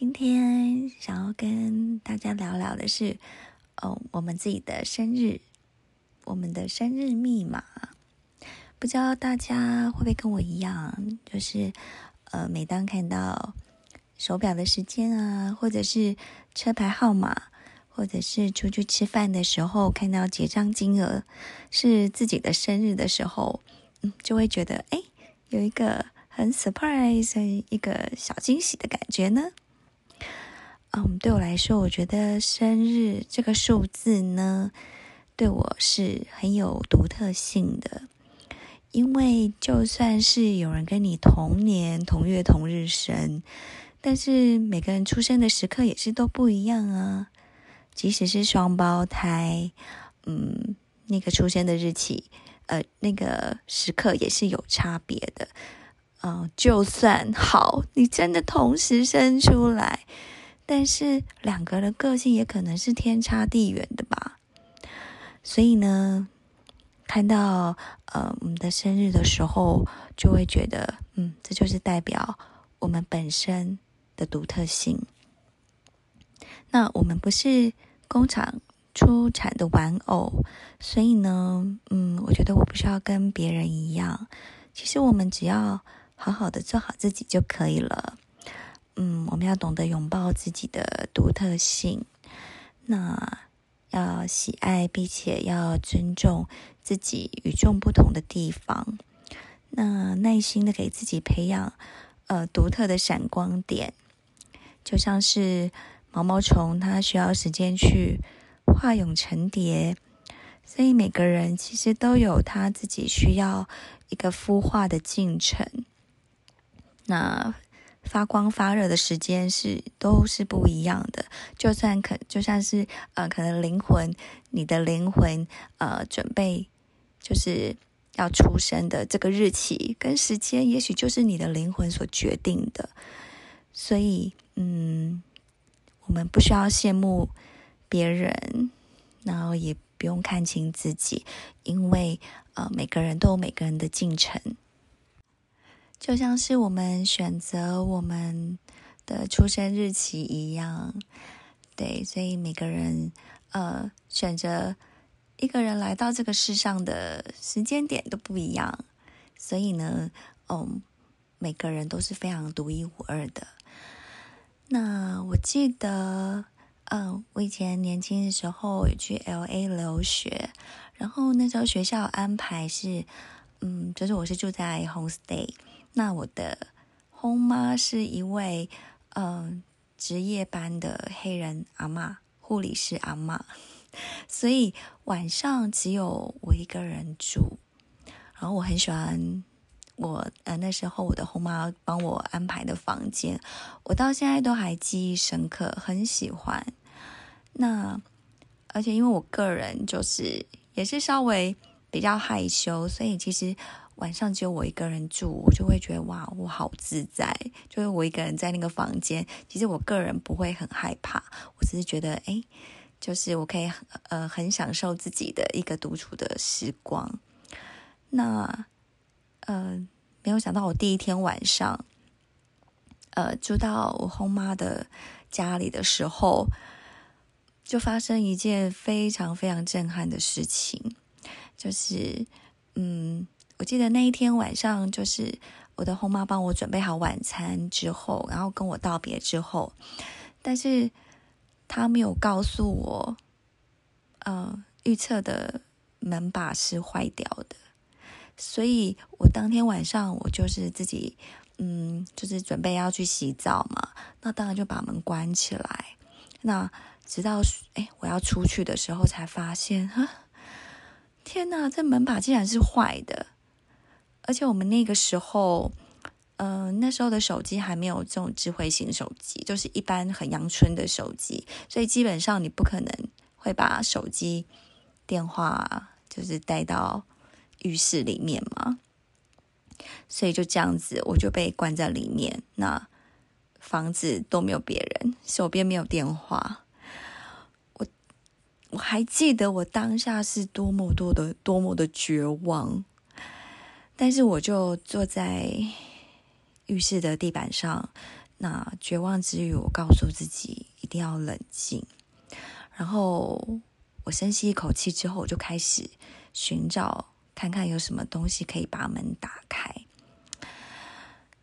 今天想要跟大家聊聊的是，哦，我們自己的生日，我們的生日密碼。不知道大家會不會跟我一樣，就是，呃，每當看到手表的時間啊，或者是車牌號碼，或者是出去吃飯的時候，看到結賬金額是自己的生日的時候，嗯，就會覺得，哎，有一個很 surprise，一個小驚喜的感覺呢。嗯，對我來說，我覺得生日這個數字呢，對我是很有獨特性的。因為就算是有人跟你同年同月同日生，但是每個人出生的時刻也是都不一樣啊。即使是雙胞胎，嗯，那個出生的日期，呃，那個時刻也是有差別的。嗯，就算，好，你真的同時生出來。但是兩個人個性也可能是天差地遠的吧，所以呢，看到呃我們的生日的時候，就會覺得，嗯，這就是代表我們本身的獨特性。那我們不是工廠出產的玩偶，所以呢，嗯，我覺得我不需要跟別人一樣。其實我們只要好好的做好自己就可以了。嗯，我們要懂得擁抱自己的獨特性，那要喜愛並且要尊重自己與眾不同的地方，那耐心的給自己培養呃獨特的閃光點，就像是毛毛蟲，它需要時間去化蛹成蝶，所以每個人其實都有他自己需要一個孵化的進程，那。發光發熱的時間是都是不一樣的，就算可就算是呃可能靈魂，你的靈魂呃準備就是要出生的這個日期跟時間，也許就是你的靈魂所決定的。所以嗯，我們不需要羨慕別人，然後也不用看輕自己，因為呃每個人都有每個人的進程。就像是我們選擇我們的出生日期一樣，對，所以每個人呃選擇一個人來到這個世上的時間點都不一樣，所以呢，嗯、哦，每個人都是非常獨一無二的。那我記得，嗯、呃、我以前年輕的時候有去 LA 留學，然後那時候學校安排是，嗯，就是我是住在 homestay 那我的後媽是一位，嗯、呃，值夜班的黑人阿嬤，護理師阿嬤，所以晚上只有我一個人住。然後我很喜歡我呃那時候我的後媽幫我安排的房間，我到現在都還記憶深刻，很喜歡。那而且因為我個人就是也是稍微比較害羞，所以其實。晚上只有我一個人住，我就會覺得哇，我好自在，就是我一個人在那個房間。其實我個人不會很害怕，我只是覺得哎，就是我可以呃很享受自己的一個獨處的時光。那嗯、呃，沒有想到我第一天晚上，呃，住到我後媽的家裡的時候，就發生一件非常非常震撼的事情，就是嗯。我記得那一天晚上，就是我的後媽幫我準備好晚餐之後，然後跟我道別之後，但是她沒有告訴我，嗯、呃，預測的門把是壞掉的，所以我當天晚上我就是自己，嗯，就是準備要去洗澡嘛，那當然就把門關起來，那直到哎我要出去的時候才發現，哈，天吶，這門把竟然是壞的！而且我們那個時候，嗯、呃，那時候的手機還沒有這種智慧型手機，就是一般很陽春的手機，所以基本上你不可能會把手機電話就是帶到浴室裡面嘛。所以就這樣子，我就被關在裡面，那房子都沒有別人，手邊沒有電話，我我還記得我當下是多麼多的、多麼的絕望。但是我就坐在浴室的地板上，那絕望之餘，我告訴自己一定要冷靜。然後我深吸一口氣之後，我就開始尋找，看看有什麼東西可以把門打開。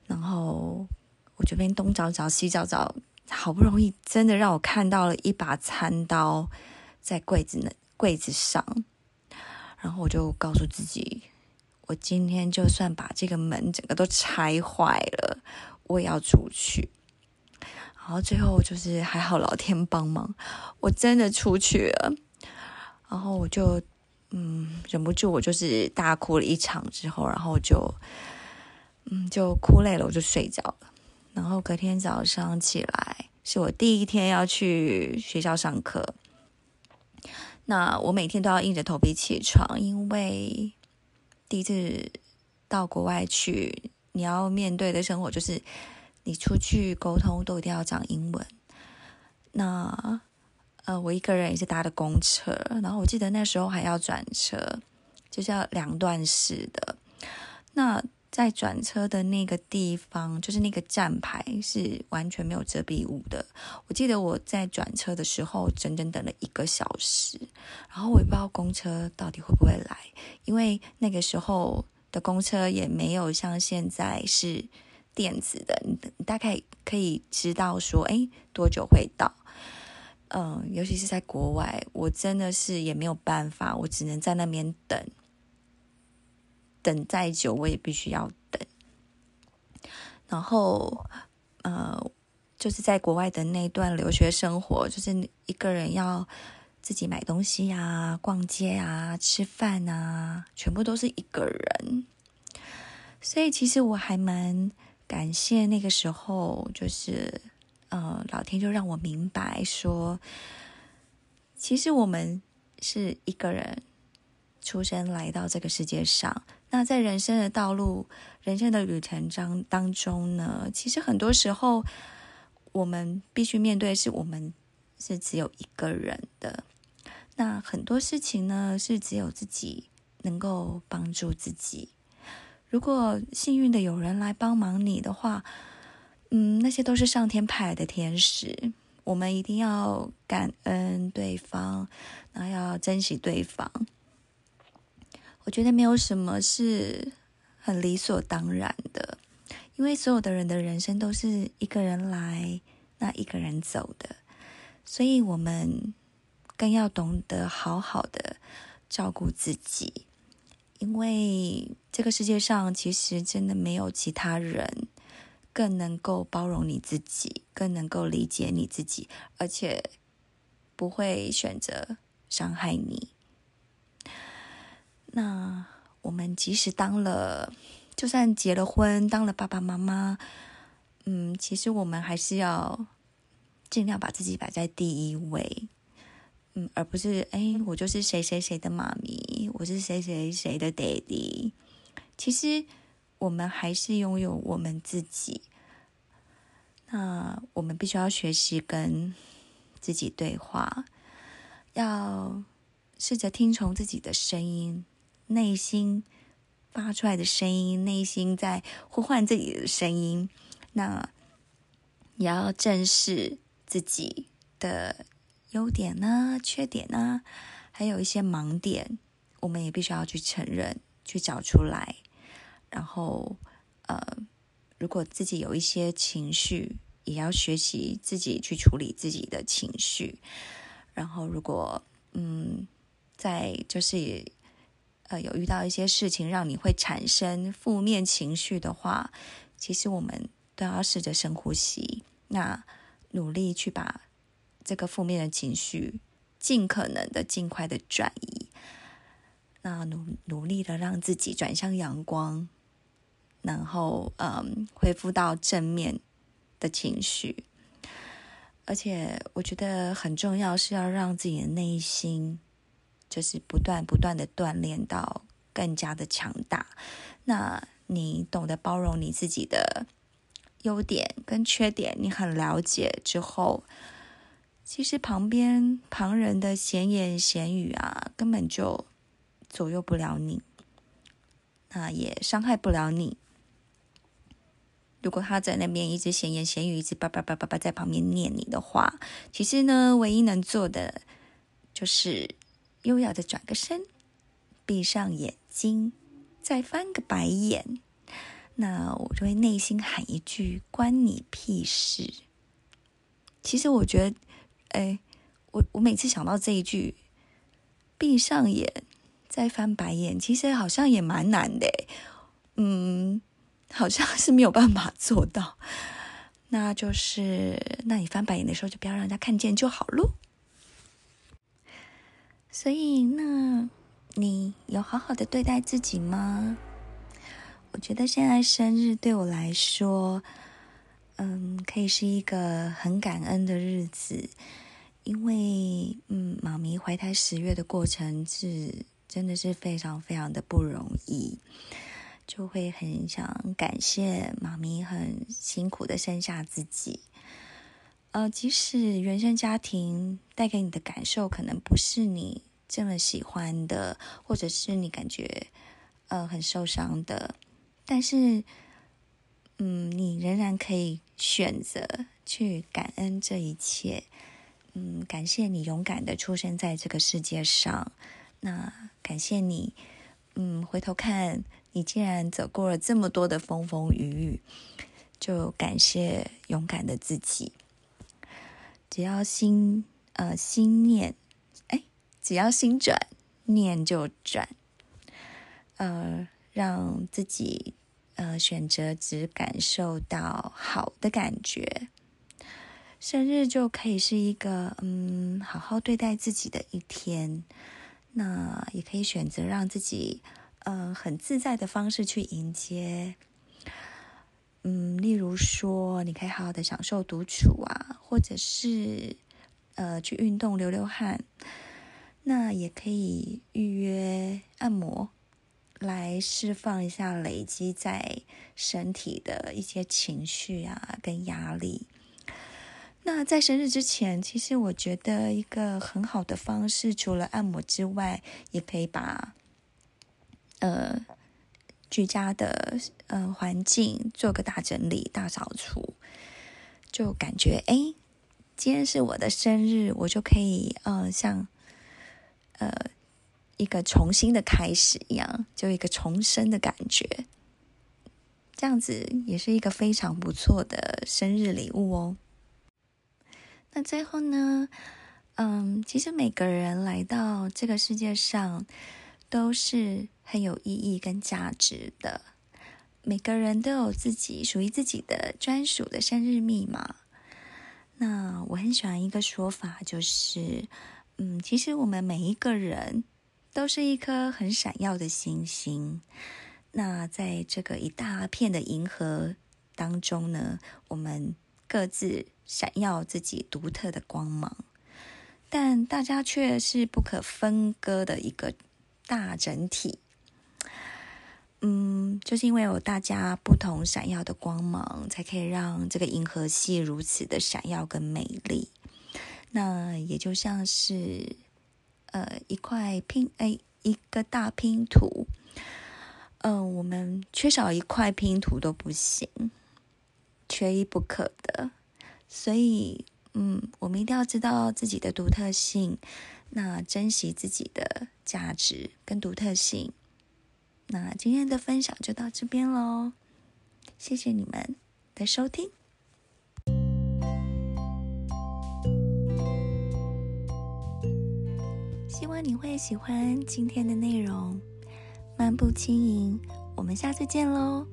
然後我這邊東找找西找找，好不容易真的讓我看到了一把餐刀在櫃子那櫃子上，然後我就告訴自己。我今天就算把這個門整個都拆壞了，我也要出去。然後最後就是還好老天幫忙，我真的出去了。然後我就嗯忍不住，我就是大哭了一場之後，然後就嗯就哭累了，我就睡著了。然後隔天早上起來，是我第一天要去學校上課。那我每天都要硬着頭皮起床，因為。第一次到國外去，你要面對的生活就是你出去溝通都一定要講英文。那呃，我一個人也是搭的公車，然後我記得那時候還要轉車，就是要兩段式的。那在轉車的那個地方，就是那個站牌，是完全沒有遮蔽物的。我記得我在轉車的時候，整整等了一個小時，然後我也不知道公車到底會不會來，因為那個時候的公車也沒有像現在是電子的，你大概可以知道說，哎，多久會到？嗯，尤其是在國外，我真的是也沒有辦法，我只能在那邊等。等再久，我也必須要等。然後，呃，就是在國外的那段留學生活，就是一個人要自己買東西啊、逛街啊、吃飯啊，全部都是一個人。所以，其實我還蠻感謝那個時候，就是呃，老天就讓我明白說，其實我們是一個人出生來到這個世界上。那在人生的道路、人生的旅程當當中呢，其實很多時候我們必須面對，是我們是只有一個人的。那很多事情呢，是只有自己能夠幫助自己。如果幸運的有人來幫忙你的話，嗯，那些都是上天派來的天使，我們一定要感恩對方，然後要珍惜對方。我覺得沒有什麼是很理所當然的，因為所有的人的人生都是一個人來，那一個人走的，所以我們更要懂得好好的照顧自己，因為這個世界上其實真的沒有其他人更能夠包容你自己，更能夠理解你自己，而且不會選擇傷害你。那我們即使當了，就算結了婚，當了爸爸媽媽，嗯，其實我們還是要盡量把自己擺在第一位，嗯，而不是，哎，我就是誰誰誰的媽咪，我是誰誰誰的 daddy，其實我們還是擁有我們自己，那我們必須要學習跟自己對話，要試着聽從自己的聲音。內心發出來的聲音，內心在呼喚自己的聲音。那也要正視自己的優點呢、缺點呢，還有一些盲點，我們也必須要去承認、去找出來。然後，呃，如果自己有一些情緒，也要學習自己去處理自己的情緒。然後，如果嗯，在就是。呃，有遇到一些事情讓你會產生負面情緒的話，其實我們都要試着深呼吸，那努力去把這個負面的情緒盡可能的盡快的轉移，那努努力的讓自己轉向陽光，然後嗯恢復到正面的情緒，而且我覺得很重要是要讓自己的內心。就是不斷不斷的鍛鍊到更加的強大。那你懂得包容你自己的優點跟缺點，你很了解之後，其實旁邊旁人的閒言閒語啊，根本就左右不了你，那也傷害不了你。如果他在那邊一直閒言閒語，一直叭叭叭叭叭在旁邊念你的話，其實呢，唯一能做的就是。優雅的轉個身，閉上眼睛，再翻個白眼。那我就會內心喊一句：“關你屁事！”其實我覺得，哎，我我每次想到這一句，閉上眼再翻白眼，其實好像也蠻難的。嗯，好像是沒有辦法做到。那就是，那你翻白眼的時候，就不要讓人家看見就好嘍。所以，那你有好好的對待自己嗎？我覺得現在生日對我來說，嗯，可以是一個很感恩的日子，因為，嗯，媽咪懷胎十月的過程是真的是非常非常的不容易，就會很想感謝媽咪很辛苦的生下自己。呃，即使原生家庭。帶給你的感受可能不是你這麼喜歡的，或者是你感覺，呃，很受傷的。但是，嗯，你仍然可以選擇去感恩這一切。嗯，感謝你勇敢的出生在這個世界上。那感謝你，嗯，回頭看你竟然走過了這麼多的風風雨雨，就感謝勇敢的自己。只要心。呃，心念，哎，只要心轉，念就轉。呃，讓自己呃選擇只感受到好的感覺，生日就可以是一個嗯，好好對待自己的一天。那也可以選擇讓自己呃很自在的方式去迎接。嗯，例如說，你可以好好的享受獨處啊，或者是。呃，去運動流流汗，那也可以預約按摩，來釋放一下累積在身體的一些情緒啊，跟壓力。那在生日之前，其實我覺得一個很好的方式，除了按摩之外，也可以把呃居家的呃環境做個大整理、大掃除，就感覺哎。誒今天是我的生日，我就可以，嗯、呃，像，呃，一個重新的開始一樣，就一個重生的感覺。這樣子也是一個非常不錯的生日禮物哦。那最後呢，嗯，其實每個人來到這個世界上都是很有意義跟價值的，每個人都有自己屬於自己的專屬的生日密碼。那我很喜歡一個說法，就是，嗯，其實我們每一個人都是一顆很閃耀的星星。那在這個一大片的銀河當中呢，我們各自閃耀自己獨特的光芒，但大家卻是不可分割的一個大整體。嗯，就是因為有大家不同閃耀的光芒，才可以讓這個銀河系如此的閃耀跟美麗。那也就像是，呃，一塊拼哎、欸，一個大拼圖。嗯、呃，我們缺少一塊拼圖都不行，缺一不可的。所以，嗯，我們一定要知道自己的獨特性，那珍惜自己的價值跟獨特性。那今天的分享就到這邊嘍，謝謝你們的收聽，希望你會喜歡今天的內容，漫步輕盈，我們下次見嘍。